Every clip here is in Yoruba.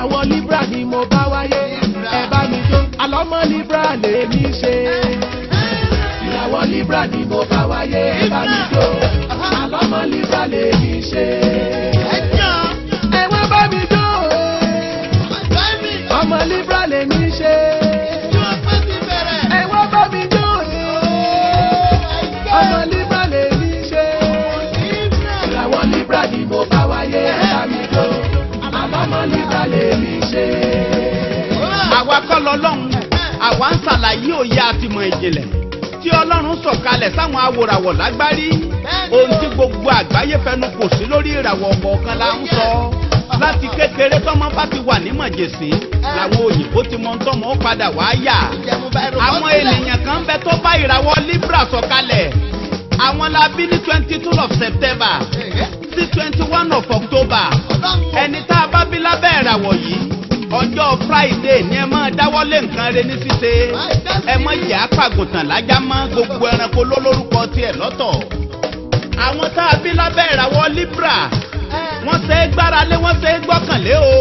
àwọn libra ni mo bá wáyé ẹ bá mi jó àlọ́mọ libra lè ní ṣe ìràwọ̀ libra ni mo bá wáyé ẹ bá mi jó àlọ́mọ libra lè ní ṣe. ẹ wá bá mi jó ọmọ libra lè ní. àwa ń ṣàlàyé òye àtìmọ̀ ìjìnlẹ̀ tí ọlọ́run sọ̀kalẹ̀ sáwọn awòràwọ̀ lágbárí ohun tí gbogbo àgbáyé fẹnu kò sí lórí ìràwọ̀ kọ̀ọ̀kan la ń sọ láti kékeré tọ́mọ bá ti wà ní mọ̀jèsí làwọn òyìnbó ti mọ tọ́mọ ó padà wá yà àwọn ènìyàn kan bẹ tó bá ìràwọ̀ libra sọ̀kalẹ̀ àwọn la bí ní twenty two of september sí twenty one of october ẹni tá a bá bí lábẹ́ ìràwọ̀ yìí ọjọ́ friday ni ẹ máa dáwọ́lé nǹkan rẹ ní ṣíṣe ẹ mọ jẹ́ apàgùntàn lájà mọ́ gbogbo ẹranko lólórúkọ tiẹ̀ lọ́tọ̀ àwọn tá a bí lábẹ́ ìràwọ̀ libra wọ́n ṣe é gbára lé wọ́n ṣe é gbọ́kànlé o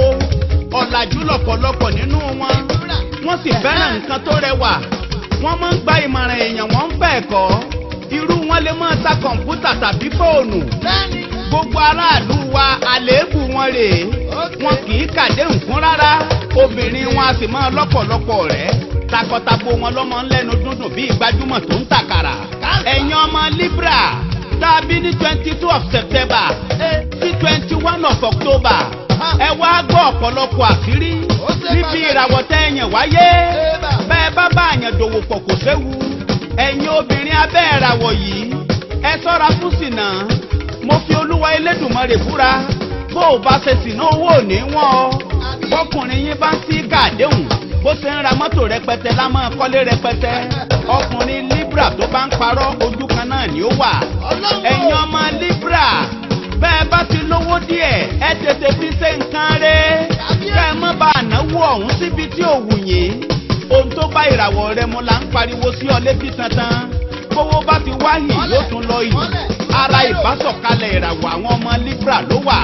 ọ̀làjú lọ̀pọ̀lọpọ̀ nínú wọn wọ́n sì fẹ́ràn nǹkan tó rẹwà wọ́n máa ń gba ìmọ̀ràn èèyàn wọ́n ń bẹ̀ kọ́ irú wọn lè máa ta kọ̀ǹpútà tàbí fóònù gbogbo aráàlú wa àléébù wọn rèé wọn kì í kàdé nǹkan rárá obìnrin wọn a sì máa lọ́pọ̀lọpọ̀ rẹ̀ takọtabo wọn lọ́mọ ńlẹ́nu dúndùn bíi gbajúmọ̀ tó ń tàkàrà ẹ̀yin ọmọ Libra tá ní twenty two of September sí twenty one of October ẹ wá gbọ́ ọ̀pọ̀lọpọ̀ àṣírí níbi ìràwọ̀ tẹ́ ẹ̀yàn wáyé bẹ́ẹ̀ bá bá àyàn dòwò pọ̀ kò séwu ẹ̀yin obìnrin abẹ́ ìràwọ̀ yìí ẹ sọ́ra fún ṣìnà mo fi Olúwa Elédùmarè búra bó o bá ṣe sì lówó ò ní wọ́n o bọ́kùnrin yín bá ń sí gàdéhùn bó ṣe ń ra mọ́tò rẹpẹtẹ lámọ́ kọ́lé rẹpẹtẹ ọkùnrin libra tó bá ń parọ́ ojú kan náà ni ó wà ẹ̀yin ọmọ libra bẹ́ẹ̀ bá ti lówó díẹ̀ ẹ tètè fi ṣe nǹkan rẹ̀ kẹ́ ẹ mọ́ bá ànáwó ọ̀hún síbi tí ò wù yín ohun tó bá ìràwọ̀ rẹ mu là ń pariwo sí ọ létí tantan bówó bá ti wáyì yóò tún lọ yìí ara ìbásọ̀kalẹ̀ ìràwọ̀ àwọn ọmọ libra ló wà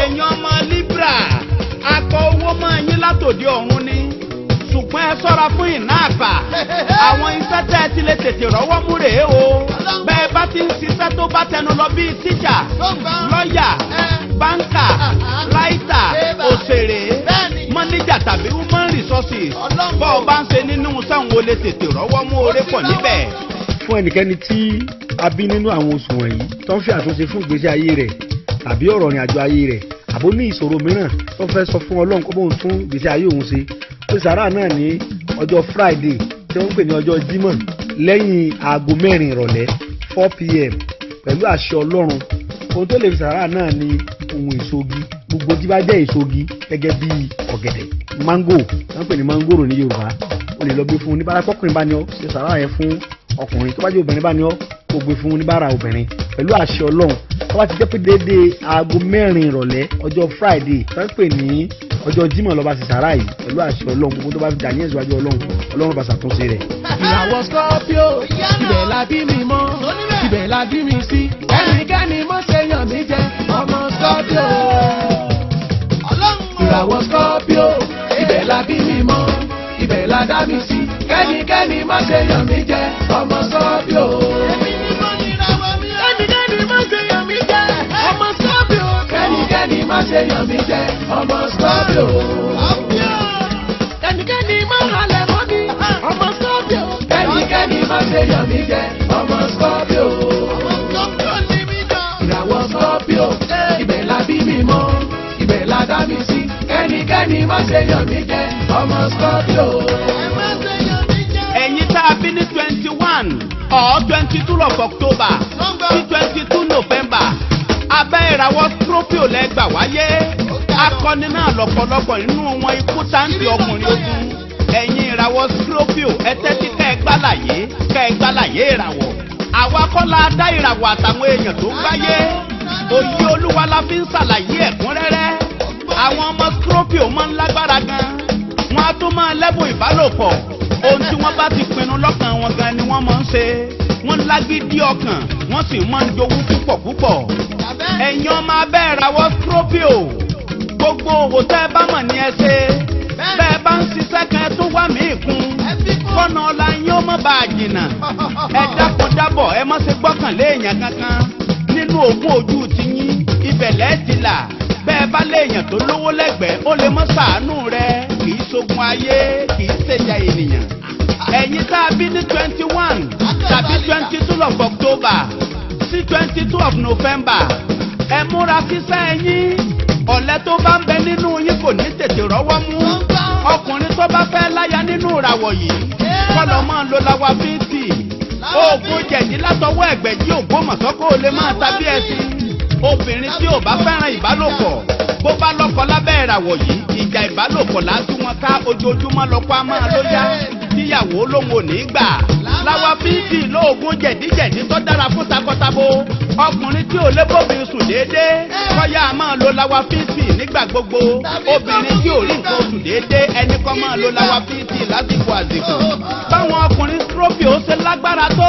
ẹ̀yin ọmọ libra akọ owó mọ́ ẹ̀yin látòdì ọ̀run ni ṣùgbọ́n ẹ sọ́ra fún ìná àgbà àwọn iṣẹ́ tẹ́ ẹ ti lè tètè rọ́wọ́ mú rèé o bẹ́ẹ̀ bá ti ń ṣiṣẹ́ tó bá tẹnu lọ bíi tíjà lọ́ọ̀yà báńkà ráìtà òṣèré mọ́níjà tàbí human resources bọ́ọ̀ bá ń ṣe nínú sẹ́wọ̀n o lè tètè rọ́wọ́ mú oore pọ̀ níbẹ̀ fún ẹnikẹ́ni tí a bí nínú àwọn oṣù wọ̀nyí tó ń fi àtúnṣe fún ìgbésí ayé rẹ̀ tàbí ọ̀rọ̀ ìrìn àjò ayé rẹ̀ àbó ní ìṣòro mìíràn tó fẹ́ sọ fún ọlọ́run kó bóun tún ìgbésí ayé òun ṣe pé sàrà náà ní ọjọ́ friday tí wọ́n ń pè ní ọjọ́ jímọ̀ lẹ́yìn aago mẹ́rin ìrọ̀lẹ́ four pm pẹ̀lú àṣẹ ọlọ́run ohun tó lè fi sàrà náà ni ohun ìṣogi gbogbo tí bá jẹ́ ìṣogi gẹ́gẹ́ bí ọ̀gẹ̀dẹ̀ mango wọ́n pè ní mangoro ní yorùbá o lè lọ gbé fún un ní bárakọ́kùnrin bá ní ọ ṣe sàrà yẹn fún ọkùnrin tó bá jẹ́ obìnrin bá ní ọ́ kò gbé fún oníbàárà obìnrin pẹ̀lú àṣẹ ọlọ́run tó bá ti jẹ́ pé déédéé aago mẹ́rin ìrọ̀lẹ́ ọjọ́ friday tó ń ní ọjọ́ jímọ̀ lọ́ba ti yìí pẹ̀lú àṣẹ ọlọ́run gbogbo tó bá fi dàní ẹ̀sùn àjọ ọlọ́run ọlọ́run bá ṣàtúnṣe rẹ̀. ìràwọ̀ scorpio ibẹ̀ la bí mi mọ́ ibẹ̀ la bí mi sí ẹnikẹ́ni mo ṣe yàn mí jẹ ọmọ scorpio. ìràwọ̀ scorpio ibẹ̀ la bí mi mọ́ ibẹ̀ la dá mi sí kẹ́nikẹ́ni má ṣe yàn mí jẹ ọmọ sọ́bíò. èmi ni mo ní ìràwọ̀ mi o. kẹ́nikẹ́ni má ṣe yàn mí jẹ ọmọ sọ́bíò. kẹ́nikẹ́ni má ṣe yàn mí jẹ ọmọ sọ́bíò. kẹ́nikẹ́ni má halẹ̀ mọ́ mi ọmọ sọ́bíò. kẹ́nikẹ́ni má ṣe yàn mí jẹ ọmọ sọ́bíò. ọmọ sọ́bíò ni mí ibẹ̀ la bí mi mọ́ ibẹ̀ la dá mi sí kẹ́nikẹ́ni má ṣe yàn mí jẹ ọmọ sọ́bíò happy ní twenty one or twenty two of october sí twenty two november abẹ́ ìràwọ̀ trophy lẹ́gbà wáyé akọni náà lọ́pọ̀lọpọ̀ nínú wọn ikú táǹtì ọkùnrin ogun ẹ̀yin ìràwọ̀ trophy ẹ tẹ́tí kẹ́ ẹ gbàlàyé kẹ́ ẹ gbàlàyé ìràwọ̀ àwa kọ́ la dá ìràwọ̀ àtàwọn èèyàn tó ń gbáyé òye olúwa la fi ń ṣàlàyé ẹ̀kúnrẹ́rẹ́ àwọn ọmọ trophy máa ń lágbára gan wọn á tún máa lẹ́bùn ìbálòpọ̀ tí wọ́n bá ti pinnu lọ́kàn wọn gan ni wọ́n máa ń ṣe wọ́n lágídí ọkàn wọ́n sì máa ń jowú púpọ̀ púpọ̀ ẹ̀yin ọmọ abẹ́ ìràwọ̀ stropio gbogbo òwò tẹ́ ẹ bá mọ̀ ní ẹ ṣe bẹ́ẹ̀ bá ń ṣiṣẹ́ kan tó wà mí kún kọ́nà ọ̀la yín ó mọ̀ bá a jìnnà ẹ dákun dábọ̀ ẹ má ṣe gbọ́kànlé èèyàn kankan nínú òògùn ojú ti yín ibẹ̀lẹ́ ti là bẹ́ẹ̀ bá léèyàn tó lówó lẹ́gbẹ̀ẹ́ ó lè mọ́ ṣàánú rẹ kì í ṣogun ayé kì í ṣèjà ènìyàn ẹ̀yin tá a bí ní twenty one tàbí twenty two of october sí twenty two of november ẹ múra sísá ẹ̀yin ọ̀lẹ́ tó bá ń bẹ nínú yín kò ní tètè rọ́wọ́ mú ọkùnrin tó bá fẹ́ láya nínú ìràwọ̀ yìí kọ́lọ̀ máa lo lawa fíìtì oògùn jẹ̀dí látọwọ́ ẹ̀gbẹ̀jì ògbómọ̀ṣọ́ kó o lè máa ta bí ẹṣin obìnrin tí ò bá fẹ́ràn ìbálòpọ̀ bó bá lọ́kọ lábẹ́ ìràwọ̀ yìí ìjà ìbálòpọ̀ láti wọn ká ojoojúmọ́ lọ́kọ á máa lóyá tíyàwó lòun ò gbà láwa bíìdì lóògùn jẹ̀díjẹ̀dí tó dára fún takọtabo ọkùnrin tí ò lébòfin sùn déédéé kọ́yà máa lo láwa fíìsì nígbà gbogbo obìnrin tí ò rí nǹkan oṣù déédéé ẹni kan máa lo láwa fíìsì lásìkò àsìkò báwọn ọkùnrin strophe ó ṣe lágbára tó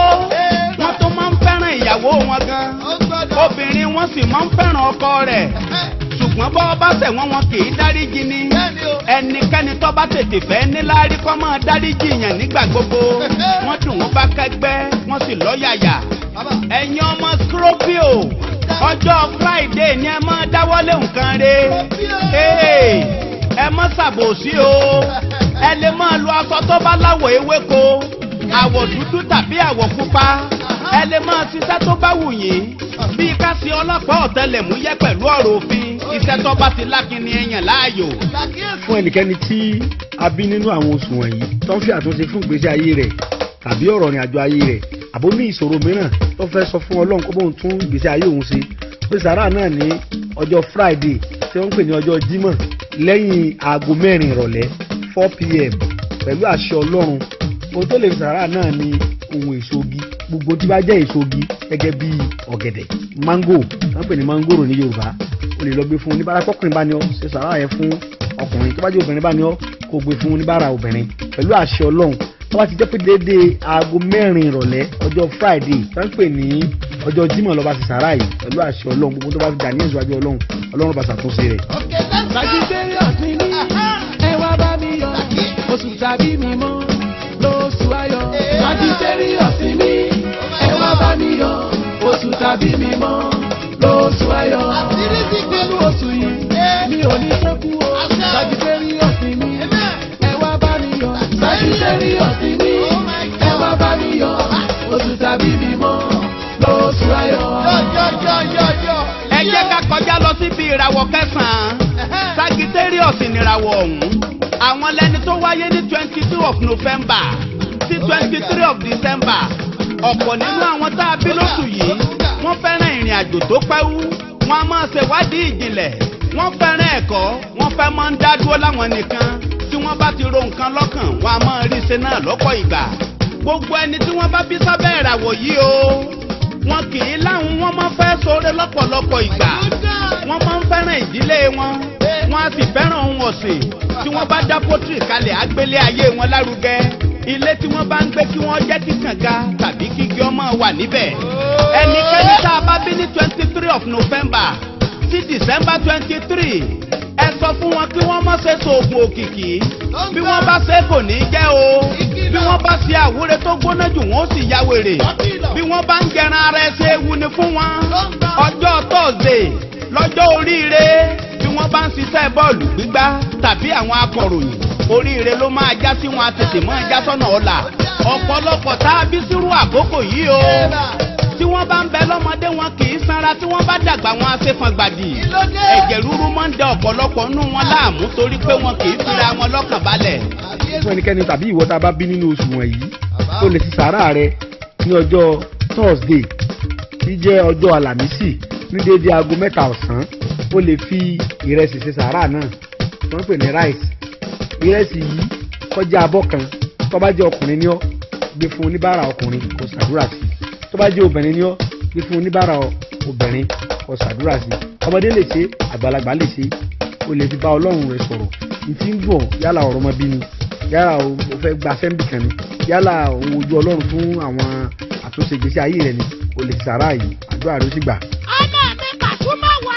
wọ́n tó máa ń fẹ́ràn ìyàwó wọn gan obìnrin wọn sì máa ń fẹ́ràn ọkọ rẹ̀ ṣùgbọ́n bọ́ bá ṣẹ̀wọ̀n wọn kì í dáríjì ni ẹnikẹ́ni tó bá tètè fẹ́ níláárí kó máa dáríjì yàn nígbà gbogbo wọ́n dùn wọ́n bá kẹgbẹ́ wọ́n sì lọ́yàyà ẹ̀yin ọmọ Scorpio ọjọ́ Friday ni ẹ máa dáwọ́lé nǹkan re ẹ má ṣàbòsí o ẹ lè máa lo aṣọ tó bá láwọ̀ ewéko àwọ̀ dúdú tàbí àwọ̀ pupa ẹ lè máa ṣiṣẹ́ tó bá wù yín bí ká sí ọlọ́pàá ọ̀tẹlẹ̀múyẹ́ pẹ̀lú ọ̀rọ̀ òfin iṣẹ́ tó bá ti lákìnní èèyàn láàyò. fún ẹnikẹ́ni tí a bí nínú àwọn oṣù wọ̀nyí tó ń fi àtúnṣe fún ìgbésí ayé rẹ̀ tàbí ọ̀rọ̀ ní àjọ ayé rẹ̀ àbó ní ìṣòro mìíràn tó fẹ́ sọ fún ọlọ́run kó bóun tún ìgbésí ayé òun ṣe pé sàrà náà ní ọjọ́ friday tí wọ́n ń pè ní ọjọ́ jímọ̀ lẹ́yìn aago mẹ́rin ìrọ̀lẹ́ four pm pẹ̀lú àṣẹ ọlọ́run ohun tó lè fi sàrà náà ní ohun èsogi gbogbo tí bá jẹ́ èsogi gẹ́gẹ́ bí ọ̀gẹ̀dẹ̀ mango wọ́n pè ní mangoro ní yorùbá o lè lọ gbé fún oníbàárà kọkùnrin bá ní ọ ṣe sàrà yẹn fún ọkùnrin tó bá jẹ́ obìnrin bá ní ọ kó gbé fún oníbàárà obìnrin pẹ̀lú àṣẹ ọlọ́run tó bá ti jẹ́ pé déédéé aago mẹ́rin ìrọ̀lẹ́ ọjọ́ friday tó ní ọjọ́ jímọ̀ lọ́ba ṣe sàrà yìí pẹ̀lú àṣẹ ọlọ́run gbogbo tó bá ti dà ní ìṣòwájú ọlọ́run ọlọ́run bá ṣàtúnṣe rẹ̀. oṣù tàbí mi mọ́ lóṣù ayọ̀. Magitarius ni ẹ wá bá mi yọ oṣù tàbí mi mọ́ lóṣù ayọ̀. ìràwọ̀ kẹsàn-án sagitarius nìràwọ̀ ọ̀hún àwọn lẹ́ni tó wáyé ní twenty two of november sí twenty three of december ọ̀pọ̀ nínú àwọn tá a bí lóṣù yìí wọ́n fẹ́ràn ìrìn àjò tó pẹ́wú wọ́n a máa ṣèwádìí ìjìnlẹ̀ wọ́n fẹ́ràn ẹ̀kọ́ wọ́n fẹ́ máa ń dá dúró láwọn nìkan tí wọ́n bá ti ro nǹkan lọ́kàn wọ́n a máa rí ṣe náà lọ́pọ̀ ìgbà gbogbo ẹni tí wọ́n bá bí sábẹ́ ìràwọ̀ yìí o wọn kì í láwọn wọn máa ń fẹ́ ṣoore lọ́pọ̀lọpọ̀ ìgbà wọ́n máa ń fẹ́ràn ìdílé wọn wọ́n á sì fẹ́ràn ohun ọ̀sìn tí wọ́n bá dá pọ́tìrì kalẹ̀ àgbélé ayé wọn lárugẹ ilé tí wọ́n bá ń gbé kí wọ́n jẹ́ kí kànga tàbí kíkí ọmọ wà níbẹ̀ ẹnikẹ́ni tá a bá bí ní twenty three of November sí December twenty three sọ fún wọn kí wọ́n má ṣe òkìkí bí wọ́n bá ṣe kò ní jẹ́ o bí wọ́n bá ṣe àwúre tó gbóná jù wọ́n sì ya wèrè bí wọ́n bá ń jẹran ara ẹ ṣe ewu ni fún wọn ọjọ́ tọ́sídẹ̀ẹ́ lọ́jọ́ oríire bí wọ́n bá ń ṣiṣẹ́ bọ́ọ̀lù gbígbá tàbí àwọn akọ̀ròyìn oríire ló máa já sí wọn àtètè mọ́ ẹja sọ́nà ọ̀la ọ̀pọ̀lọpọ̀ tá a bí sírú àkókò yìí o bá ń bẹ lọ́mọdé wọn kì í sanra tí wọ́n bá dàgbà wọn á ṣe fan gbàdì. ẹ̀jẹ̀ rúru máa ń da ọ̀pọ̀lọpọ̀ nú wọn láàmú torí pé wọn kì í fira wọn lọ́kàn balẹ̀. fún ẹnikẹ́ni tàbí ìwọ tá a bá bí nínú oṣù wọ̀nyí o lè ti sàárà rẹ ní ọjọ́ thursday tí jẹ́ ọjọ́ alámísì ní déédéé aago mẹ́ta ọ̀sán o lè fi ìrẹsì ṣe sàárà náà wọ́n pè ní rice ìrẹsì yìí kọjá abọ́ kan tó ọkùnrin ní ọ gbé fún oníbàárà ọkùnrin kò ṣàdúrà sí i tó bá jẹ́ obìnrin ni ọ́ bí fún oníbàárà obìnrin kó ṣàdúrà sí ọmọdé lè ṣe àgbàlagbà lè ṣe o lè fi bá ọlọ́run rẹ sọ̀rọ̀ ìfi ń dùn yálà ọ̀rọ̀ ọmọ bí ni yálà o fẹ́ gba sẹ́ńbì kan ni yálà òun ojú ọlọ́run fún àwọn àtúnṣe ìgbésí ayé rẹ ni o lè sàrà yìí àdúrà rẹ ó sì gbà. ọmọ mi pàtó máa wà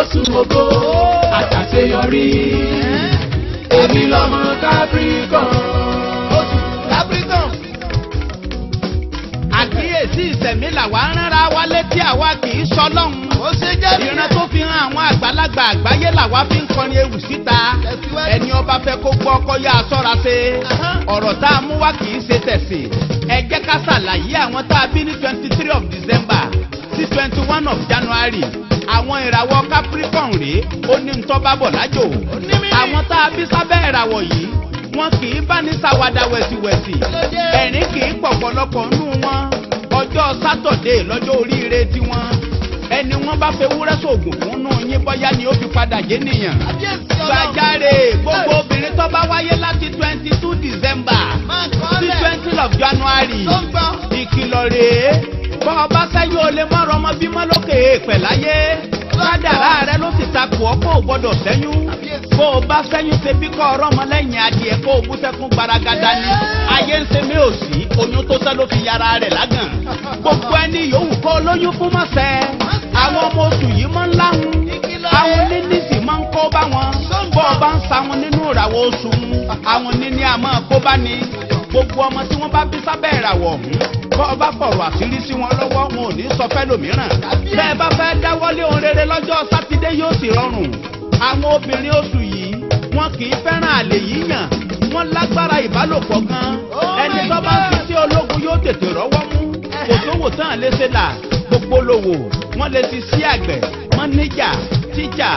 oṣù ògo àtàṣeyọrí èmi lọ́mọ capricorn. oṣù capricorn. àkíyèsí ìsẹ̀mí làwa rárá wa létí àwa kì í sọlọ́hún. ó ṣe jẹ́ bí. ìran tó fi hàn àwọn àgbàlagbà àgbáyé làwa fi ń kọrin ewì síta. ẹni ọba fẹ́ kó gbọ́ ọkọ yá aṣọ́ra ṣe. Uh-huh. ọ̀rọ̀ tá a mú wá kì í ṣe tẹ̀sìn. ẹ jẹ́ ká ṣàlàyé àwọn tá a bí ní twenty three of december twenty twenty one of january àwọn ìràwọ̀ capricorn rèé ó ní ń tọ́ bá bọ̀ lájò àwọn tá a bí sábẹ́ ìràwọ̀ yìí wọn kì í bá ní sàwádà wẹ̀sìwẹ̀sì ẹ̀rín kì í pọ̀pọ̀lọpọ̀ nú wọn ọjọ́ sátọ̀dé lọ́jọ́ oríire tiwọn ẹni wọn bá fẹ́ wúrẹ́ sóògùn fún nú yín bọ́yá ni ó fi padà jẹ́ nìyàn gbàjáre gbogbo obìnrin tó bá wáyé láti twenty two december sí twenty of january ìkìlọ̀ rèé bọ́ ọba sẹ́yìn ò lè mọ́rọ̀ ọmọ bímọ lókè èèpẹ̀ láyé kádàrá rẹ ló sì ta kù ọ́ kó o gbọ́dọ̀ sẹ́yìn bó o bá sẹ́yìn ṣe bí kọ́ ọ̀rọ̀ ọmọ lẹ́yìn adìẹ kó o bú sẹ́kún gbaragada ni ayé ń ṣe mí ò sí oyún tó sẹ́ ló fi yára rẹ̀ lágàn gbogbo ẹni yòówù kó lóyún fún mọ́sẹ̀ àwọn ọmọ oṣù yìí mọ́ ńláhùn àwọn onínísì máa ń kó bá wọn bó o ń sa wọn nínú ìràwọ̀ oṣù àwọn oníní àmọ́ kó bá ní gbogbo ọmọ tí wọ́n bá bí sábẹ́ ìràwọ̀ ọ̀hún bọ́ ọ bá fọ̀rọ̀ àṣírí sí wọn lọ́wọ́ wọn ò ní sọ fẹ́ lòmíràn bẹ́ẹ̀ bá fẹ́ dáwọ́lé ohun rere lọ́jọ́ sátidé yóò sì rọrùn àwọn obìnrin oṣù yìí wọn kì í fẹ́ràn àlè yíyàn wọ́n lágbára ìbálòpọ̀ gan oh ẹni tó bá fi sí ológun yóò tètè rọ́wọ́ mú kò sówò tán lè ṣe là gbogbo lòwò wọ́n lè ti sí àgbẹ̀ mọ́níjà tíjà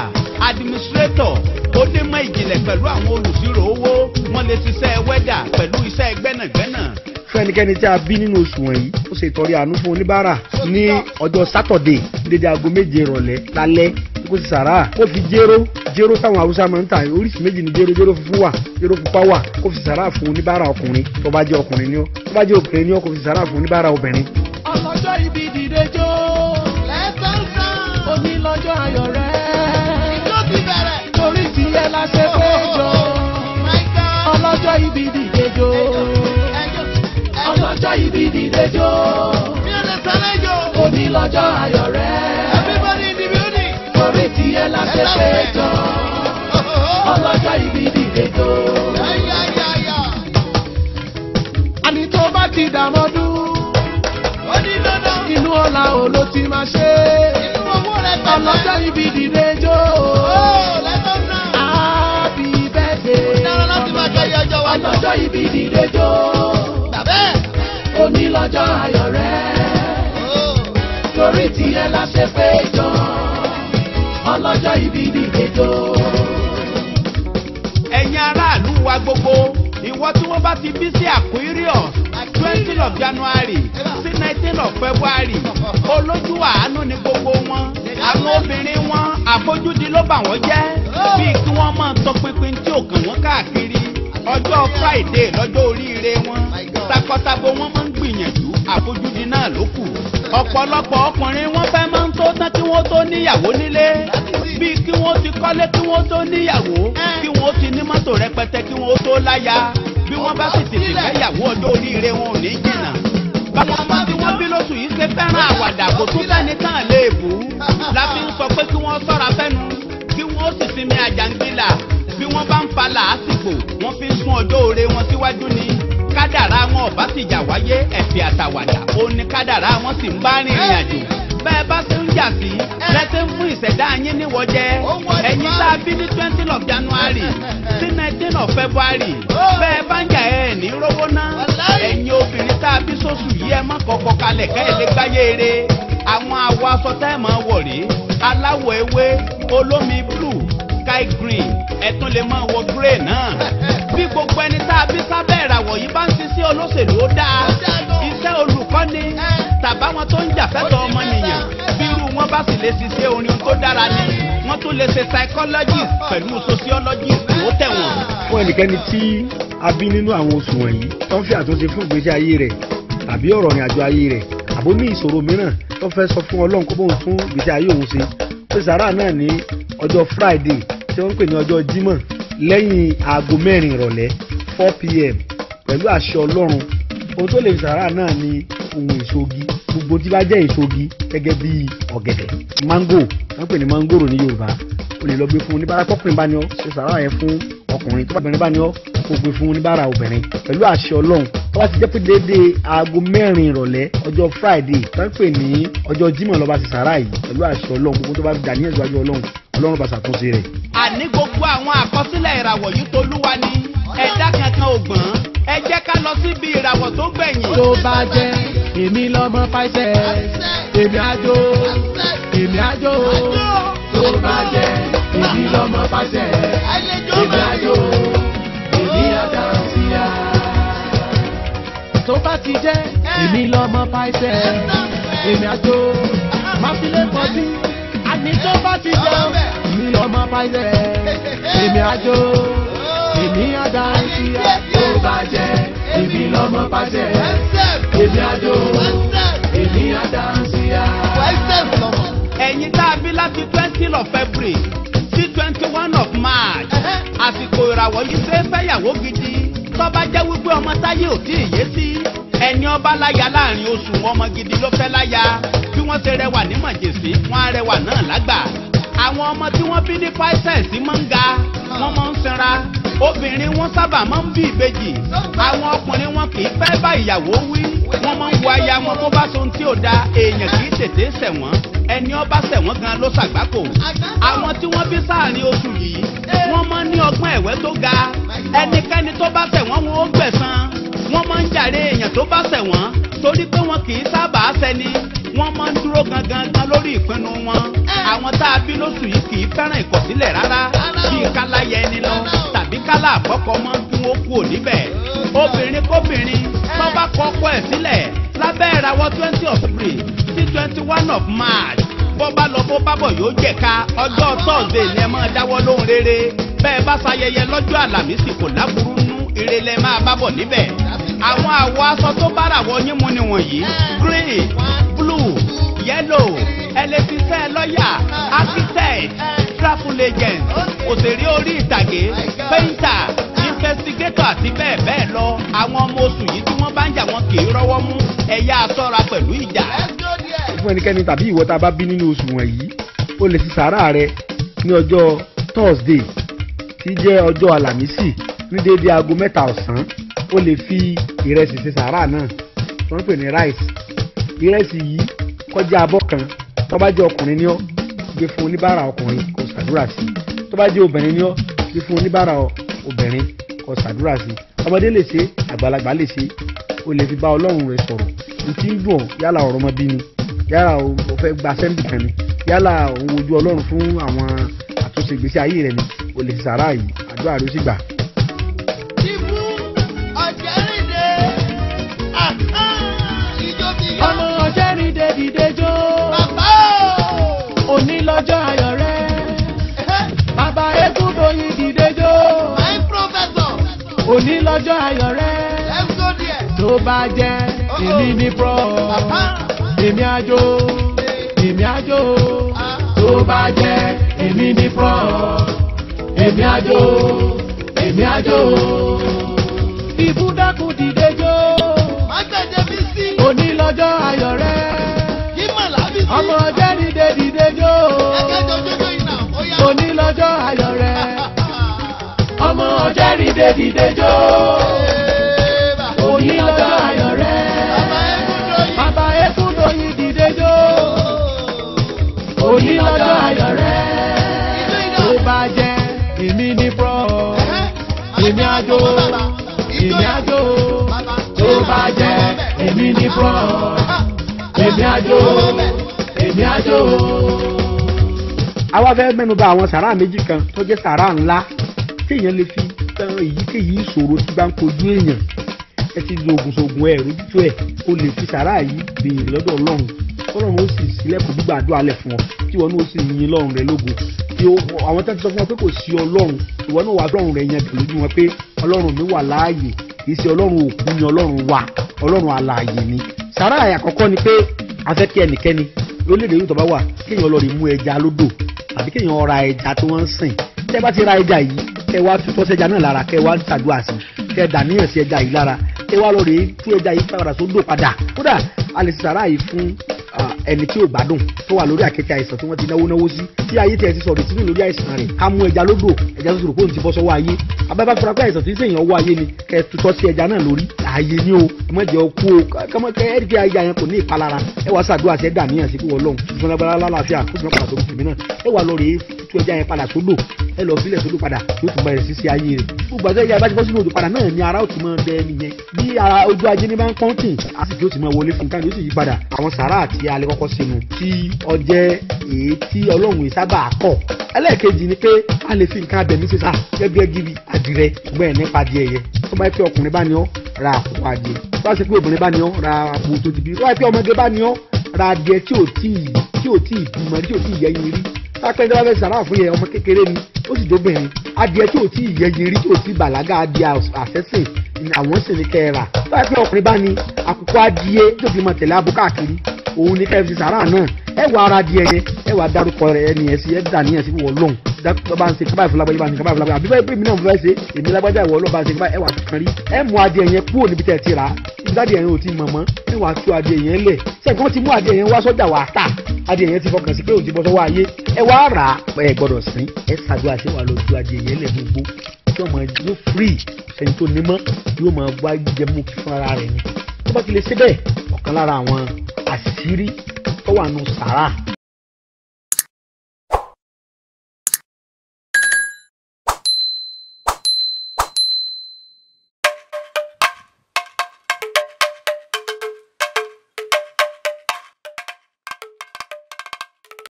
adimisirẹ́tọ̀ ó dé mọ́ ìjìnlẹ̀ pẹ̀lú àwọn olùsírò owó wọ́n lè ṣiṣẹ́ wẹ́dà pẹ̀lú iṣẹ́ gbẹ́nàgbẹ́nà. fún ẹnikẹ́ni tí a bí nínú oṣù wọ̀nyí ó ṣe ìtọrẹ àánú fún oníbàárà ní ọjọ́ sátọ̀dé dédé aago méje ìrọ̀lẹ́ lálẹ́ kó ti sàrà kó fi jéró jéró táwọn haúsá máa ń ta oríṣi méjì ni jéró jéró funfun wà jéró pupa wà kó fi sàrà fún oníbàárà ọkùnrin tó bá jẹ́ ọkùnrin ni ó tó bá jẹ́ obìnrin ni ó kó fi sàrà fún oníbàárà obìnrin. ọlọ́jọ́ ibi dìde jó lẹ́sẹ̀ ń sàn onílọ́jọ́ ayọ̀ rẹ̀ ìjó ti bẹ̀rẹ̀ torí ti yẹ láṣẹ. lọ́jọ́ ayọ̀ rẹ̀. everybody in the building. torí tiẹ̀ la ṣe pé tán. Oh, oh, oh. ọlọ́jọ́ ibi dìde tó. àní tó bá ti dàmọ́dún. ó ní dandan. inú ọ̀la ò ló ti máa ṣe. inú owó rẹ̀ pẹ̀lú. ọlọ́jọ́ ibi dìde jó. happy birthday. ó dára láti máa jọ ìyọjọ́ wa. ọlọ́jọ́ ibi dìde jó. onílọ́jọ́ ayọ̀ rẹ̀ torí tiẹ̀ la ṣe péjọ ọlọ́jọ́ ìbí ni gbèdó. ẹ̀yin aráàlú wa gbogbo ìwọ tí wọ́n bá ti bí sí Aquarius twenty of January sí nineteen of February olójú àánú ni gbogbo wọn àwọn obìnrin wọn àfojúdi ló bà wọ́n jẹ́ bíi kí wọ́n máa tọpinpin tí ò kàn káàkiri ọjọ́ Friday lọ́jọ́ oríire wọn takọtabo wọn máa ń gbìyànjú àfojúdi náà ló kù ọ̀pọ̀lọpọ̀ ọkùnrin wọ́n fẹ́ máa ń tó tán kí wọ́n tó níyàwó nílé bíi kí wọ́n ti kọ́lé kí wọ́n tó níyàwó kí wọ́n ti ní mọ́tò rẹpẹtẹ kí wọ́n tó láya bí wọ́n bá sì tètè fẹ́yàwó ọjọ́ oríire wọn ò ní jìnnà báwọn ọmọ tí wọ́n bí lóṣù yìí ṣe fẹ́ràn àwàdà kò tún sẹ́ni tán léèbù la fi ń sọ pé kí wọ́n sọ́ra fẹ́nu kí wọ́n sì sinmi àjàngílà bí wọ́n bá ń fa làásìgbò wọ́n fi ń sún ọjọ́ oore wọn síwájú ni kádàrá wọn ọ̀bá sì jà wáyé ẹ̀sìn àtàwàdà ó ní kádàrá wọn sì ń bá rìnrìn àjò bẹ́ẹ̀ bá ṣe ń jà sí lẹ́sẹ̀ ń fún ìṣẹ̀dá yín níwọ̀ jẹ́ ẹ̀yin tá a bí ní twenty of january sí nineteen of february bẹ́ẹ̀ bá ń jà ẹ̀ ní rówó ná ẹ̀yin obìnrin tá a bí sóṣù yìí ẹ má kọ̀kọ̀ kalẹ̀ ká gbáyé eré àwọn àwọ̀ aṣọ tẹ́ ẹ̀ aláwọ̀ ewé olómi blue sky green ẹ tún lè máa wọ grey náà bí gbogbo ẹni tá a bí sábẹ́ ìràwọ̀ yìí bá ń ṣiṣẹ́ olóṣèlú ó dáa iṣẹ́ olùkọ́ni tàbáwọn tó ń jà fẹ́tọ̀ ọmọnìyàn bí irú wọn bá sì lè ṣiṣẹ́ orin tó dára ni wọ́n tún lè ṣe psychologist pẹ̀lú sociologist tó tẹ̀wọ̀n. fún ẹnikẹ́ni tí a bí nínú àwọn oṣù wọ̀nyí tó ń fi àtúnṣe fún ìgbésí ayé rẹ̀ tàbí ọ̀rọ̀ ìrìnàjò ayé rẹ̀ àbó ní ìṣòro mìíràn tó fẹ́ sọ fún ọlọ́run kó bóun tún ìgbésí ayé òun ṣe ṣe sàrà náà ní ọjọ́ friday tí wọ́n ń pè ní ọjọ́ jímọ̀ lẹ́yìn aago mẹ́rin ìrọ̀lẹ́ four pm pẹ̀lú àṣẹ ọlọ́run ohun tó lè sàrà náà ní ohun èsogi gbogbo tí bá jẹ́ èsogi gẹ́gẹ́ bí ọ̀gẹ̀dẹ̀ mango wọ́n pè ní mangoro ní yorùbá o lè lọ gbé fún oníbàárà tọkùnrin bá ní ọ ṣe sàrà yẹn fún ọkùnrin tó bá bẹ̀rẹ̀ bá ní ọ kó gbé fún oníbàárà obìnrin pẹ̀lú àṣẹ ọlọ́run tó bá ti jẹ́ pé déédéé aago mẹ́rin ìrọ̀lẹ́ ọjọ́ friday tó pè ní ọjọ́ jímọ̀ lọ́ba ti sàrà yìí pẹ̀lú àṣẹ ọlọ́run gbogbo tó bá dà ní ẹ̀sùn àjọ ọlọ́run ọlọ́run bá ṣàtúnṣe rẹ̀. àní gbogbo àwọn àkọsílẹ̀ ìràwọ̀ ẹ jẹ́ ká lọ síbi ìràwọ̀ tó gbẹ̀yìn. tó bá jẹ́ èmi lọ́mọ pàṣẹ èmi àjò èmi àjò tó bá jẹ́ èmi lọ́mọ pàṣẹ èmi àjò èmi àdáńtíyà. tó bá ti jẹ́ èmi lọ́mọ pàṣẹ èmi àjò máa fi lè pọ̀ sí àní tó bá ti jẹ́ èmi lọ́mọ pàṣẹ èmi àjò èmi àdá ìṣíyà. tó bá jẹ èmi lọ́mọ bá jẹ èmi àjò èmi àdá ìṣíyà. ẹ̀yin tá a bí láti twenty of February sí twenty one of March àsìkò ìràwọ̀ yìí ṣe é fẹ́yàwó gidi tó bá jẹ́ wípé ọmọ táyé ò tí ì yé sí ẹni ọba láya láàrin oṣù ọmọ gidi ló fẹ́ láya bí wọ́n ṣe rẹwà ní màjèṣí wọ́n á rẹwà náà lágbà àwọn ọmọ tí wọ́n bí ní pisces máa ń ga wọ́n máa ń sinra obìnrin wọn sábà máa ń bí ìbejì àwọn ọkùnrin wọn kì í fẹ́ bá ìyàwó wí wọ́n máa ń wo aya wọn bó bá sohun tí ò da èèyàn kì í tètè ṣẹ̀wọ̀n ẹni ọba ṣẹ̀wọ̀n gan ló ṣàgbákò àwọn tí wọ́n bí sáàrin oṣù yìí wọ́n máa ń ní ọgbọ́n ẹ̀wẹ́ tó ga ẹnikẹ́ni tó bá ṣẹ̀wọ̀n wọn ó gbẹ̀san wọ́n máa ń jàre èèyàn tó bá ṣẹ̀wọ̀n torí pé wọn kì í sábà ṣẹni wọ́n máa ń dúró gangan gan lórí ìpinnu wọn. àwọn tá a bí lóṣù yìí kì í fẹ́ràn ìkọ̀sílẹ̀ rárá kí kálá yẹ ẹni lọ tàbí kálá àkọ́kọ́ mọ́ kí wọ́n kú ò níbẹ̀. obìnrin kóbìnrin tó bá kọ́kọ́ ẹ̀ sílẹ̀ lábẹ́ ìrawọ́ twenty of three sí twenty one of march bó bá lọ bó bá bọ̀ yóò jẹ̀ka ọjọ́ tọ́sídẹ̀ẹ́ ni ẹ máa dáwọ́ lóhun rere bẹ́ẹ̀ bá ṣayẹyẹ lọ́jọ́ àlàmísì kò láburú nú ìrẹ̀lẹ̀ máa bá bọ̀ níbẹ̀ àwọn àwọ̀ aṣọ tó bára wọ yín mu nìwọ̀nyí green yẹ́lò ẹlẹ́sísẹ́ lọ́yà architect travel agent òṣèré orí ìtàgé painter investigator àti bẹ́ẹ̀ bẹ́ẹ̀ lọ àwọn ọmọ oṣù yìí tí wọ́n bá ń jà wọn kì í rọ́wọ́ mú ẹ̀yà àtọ́ra pẹ̀lú ìjà. fún ẹnikẹ́ni tàbí ìwọ tá a bá bí nínú oṣù wọ̀nyí o lè ti sàárà rẹ ní ọjọ́ thursday tí jẹ́ ọjọ́ alámísì ní déédéé aago mẹ́ta ọ̀sán o lè fi ìrẹsì ṣe sàárà náà wọ́n pè ní rice ìrẹsì yìí kọjá abọ́ kan tó bá jẹ́ ọkùnrin ni ọ́ gbé fún oníbàárà ọkùnrin kó ṣàdúrà sí i tó bá jẹ́ obìnrin ni ọ́ gbé fún oníbàárà obìnrin kó ṣàdúrà sí i ọmọdé lè ṣe àgbàlagbà lè ṣe o lè fi bá ọlọ́run rẹ sọ̀rọ̀ n ń dùn ọ́ yálà ọ̀rọ̀ ọmọbí ni yálà o fẹ́ gba sẹ́ńdì kan ni yálà òun ojú ọlọ́run fún àwọn àtúnṣe ìgbésí ayé rẹ ni o lè sàrà yìí àdúrà rẹ ó sì gbà ayọ̀ rẹ̀ tó bá jẹ́ èmi ní prọ́ èmi àjò èmi àjò tó bá jẹ́ èmi ní prọ́ èmi àjò èmi àjò. ìbúdákùn dìde jó onílọ́jọ́ ayọ̀ rẹ̀ ọmọ ọjọ́ dìde dìde jó onílọ́jọ́ ayọ̀ rẹ̀ ọmọ ọjọ́ dìde dìde jó. èmi àjò èmi àjò. àwa fẹ́ mẹ́nu bà àwọn sàrà méjì kan tó jẹ́ sàrà ńlá tí èèyàn lè fi tan èyíkéyìí ìṣòro tí bá ń kojú èèyàn ẹ ti lo oògùn ẹ rújú ẹ o lè fi sàrà yìí béèrè lọ́dọ̀ ọlọ́run ọlọ́run ó sì sílẹ̀kùn gbígbà àdúrà lẹ̀ fún ọ kí wọn ó sì yin lọ́run rẹ lógo kí àwọn tó ti sọ fún wọn pé kò sí ọlọ́run ìwọ náà wà lọ́run rẹ yẹn lójú wọn pé ọlọ́run mi wà láàyè kì í ṣe ọlọ́run òkú ni ọlọ́run wà ọlọ́run alààyè ni sàrà àkọ́kọ́ ni pé afẹ́ kí ẹnikẹ́ni lórílẹ̀‐èdè yìí tó bá wà kéèyàn lọ rí mú ẹja lódò àbí kéèyàn ra ẹja tí wọ́n ń sìn tẹ́ bá ti ra ẹja yìí kẹ́ wá tutọ́ sí ẹja náà lára kẹ́ wá ṣàdúrà sí kẹ́ dàníyàn sí ẹja yìí lára kẹ́ wá lọ rí tú ẹja yìí padà sódò padà kódà a sàrà yìí fún ẹni tí ò gbádùn tó wà lórí àkẹ́kẹ́ àìsàn tí wọ́n ti náwó náwó sí tí ayé tiẹ̀ ti sọ̀rọ̀ ìsinmi lórí àìsàn rẹ̀ ká mú ẹja lódò ẹja tó sọ̀rọ̀ pé òun ti bọ́ sọ́wọ́ ayé abẹ́bá fura pé àìsàn tí ń sèyàn ọwọ́ ayé ni kẹ́ ẹ tutọ́ sí ẹja náà lórí ààyè ni o ẹ má jẹ́ ọ kú o kọ́mọ kẹ́ ẹ rí ayé yẹn kò ní ìpalára ẹ wá sàdúrà sí ẹ̀dà níyàn sí pé wọ́n lọ́hùn ìṣúná gbára lálàáfíà ó sì máa padà sórí tèmi náà ẹ wà lọ rèé tú ẹja yẹn padà sódò ẹ lọ sílẹ̀ sódò padà yóò tún bẹ̀rẹ̀ sí sí ayé rẹ̀ gbogbo àti ẹja ìbáṣepọ̀ sínú odò padà náà ni ara ò tún máa bẹ ẹni yẹn bí ara ojú ajé ní bá ń pọ́ńtìn àsìkò yóò ti máa wọlé fún káàdì yóò sì yí padà àwọn sàrà àti alẹ́ kọ́kọ́ sínú tí ọjẹ́ èyí tí ọlọ́run ìsá kágbà kọ̀ ẹlẹ́ẹ̀kejì ni pé a lè fi nǹkan abẹ̀mí ṣe sá gẹ́gẹ́ gíbi àdìrẹ ṣùgbọ́n ẹ̀ nípa di ẹ̀yẹ tó bá yẹ pé ọkùnrin bá ní ọ́ ra àkókò adìẹ tó bá ṣe pé obìnrin bá ní ọ́ ra àpò tó ti bí tó bá yẹ ọmọge bá ní ọ́ ra adìẹ tí ò tí ì tí ò tí ì bímọ tí ò tí ì yẹyin rí pápẹ́ ní wọ́n sàrà fún yẹn ọmọ kékeré ni ó sì dóbìnrin adìẹ tí ò tí ì yẹyin rí tí ò tí ì bàlágà adìẹ àṣẹ́sìn àwọn sì ní kẹ́ tó bá yẹ ọkùnrin bá ní àkókò adìẹ tó fi mọ tẹ̀lé abo káàkiri òun ní kẹ́ fi sàrà náà ẹ wà ara di ẹyẹ ẹ wà dárúkọ rẹ ẹni ẹ sí ẹ dà níyẹn sí wọ lọhùn bá ń ṣe kábàá ìfúnlágbájá bá ń ṣe kábàá ìfúnlágbájá àbí báyìí pé èmi náà fẹ́ ṣe èmi lágbájá ìwọ ọlọ́ba ṣe kábàá ẹ wà kankan rí ẹ mú adìẹ yẹn kúrò níbi tẹ̀ ti rà á ìdádìẹ yẹn ò ti mọ̀ mọ́ ẹ wà tú adìẹ yẹn lẹ̀ ṣẹ̀gbọ́n ti mú adìẹ yẹn wá sọ́jà wà á tà adìẹ yẹn ti fọkàn sí pé òun ti bọ́ sọ́wọ́ ayé ẹ wá rà á ẹ gbọ́dọ̀ sìn ẹ ṣàdúrà ṣé wà lọ ju adìẹ yẹn lẹ̀ gbogbo tí ọmọ yóò free ẹni tó ní mọ́ yóò máa wá jẹmú fúnra rẹ̀ ni tó bá ti lè ṣe bẹ́ẹ̀ ọ̀kan lára àwọn àṣírí tó wà nù sàrà